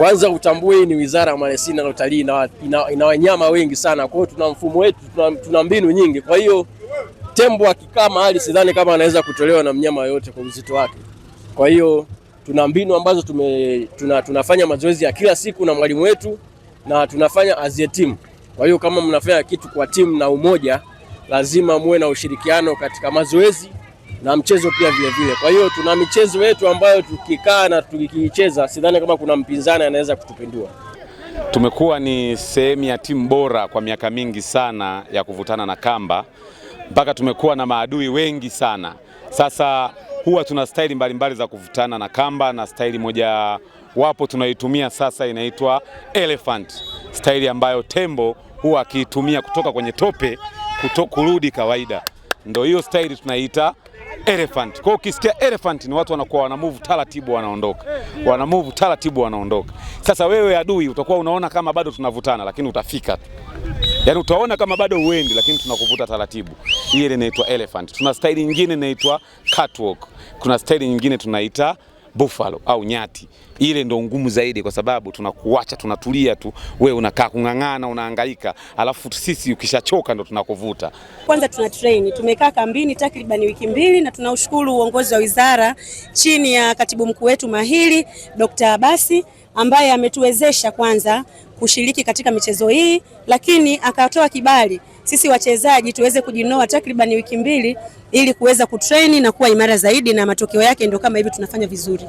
Kwanza utambue hii ni wizara ya maliasili na utalii, ina, ina, ina wanyama wengi sana. Kwa hiyo tuna mfumo wetu, tuna, tuna mbinu nyingi. Kwa hiyo tembo akikaa mahali, sidhani kama anaweza kutolewa na mnyama yoyote kwa uzito wake. Kwa hiyo tuna mbinu ambazo tume, tuna, tunafanya mazoezi ya kila siku na mwalimu wetu na tunafanya as a team. Kwa hiyo kama mnafanya kitu kwa timu na umoja, lazima muwe na ushirikiano katika mazoezi na mchezo pia vile vile. Kwa hiyo tuna michezo yetu ambayo tukikaa na tukiicheza, sidhani kama kuna mpinzani anaweza kutupindua. Tumekuwa ni sehemu ya timu bora kwa miaka mingi sana ya kuvutana na kamba, mpaka tumekuwa na maadui wengi sana. Sasa huwa tuna staili mbalimbali za kuvutana na kamba, na staili moja wapo tunaitumia sasa inaitwa elephant, staili ambayo tembo huwa akiitumia kutoka kwenye tope kuto kurudi kawaida, ndio hiyo staili tunaita elephant. Kwa ukisikia elephant ni watu wanakuwa wana move taratibu, wanaondoka, wana move taratibu, wanaondoka. Sasa wewe adui utakuwa unaona kama bado tunavutana, lakini utafika tu, yaani utaona kama bado uendi, lakini tunakuvuta taratibu. Ile inaitwa elephant. Tuna staili nyingine inaitwa catwalk, kuna staili nyingine tunaita buffalo au nyati. Ile ndo ngumu zaidi, kwa sababu tunakuacha tunatulia tu, wewe unakaa kung'ang'ana, unahangaika, alafu sisi ukishachoka ndo tunakuvuta. Kwanza tuna train, tumekaa kambini takriban wiki mbili, na tunaushukuru uongozi wa wizara chini ya katibu mkuu wetu mahiri Dr. Abasi ambaye ametuwezesha kwanza kushiriki katika michezo hii, lakini akatoa kibali sisi wachezaji tuweze kujinoa takriban wiki mbili ili kuweza kutreni na kuwa imara zaidi, na matokeo yake ndio kama hivi tunafanya vizuri.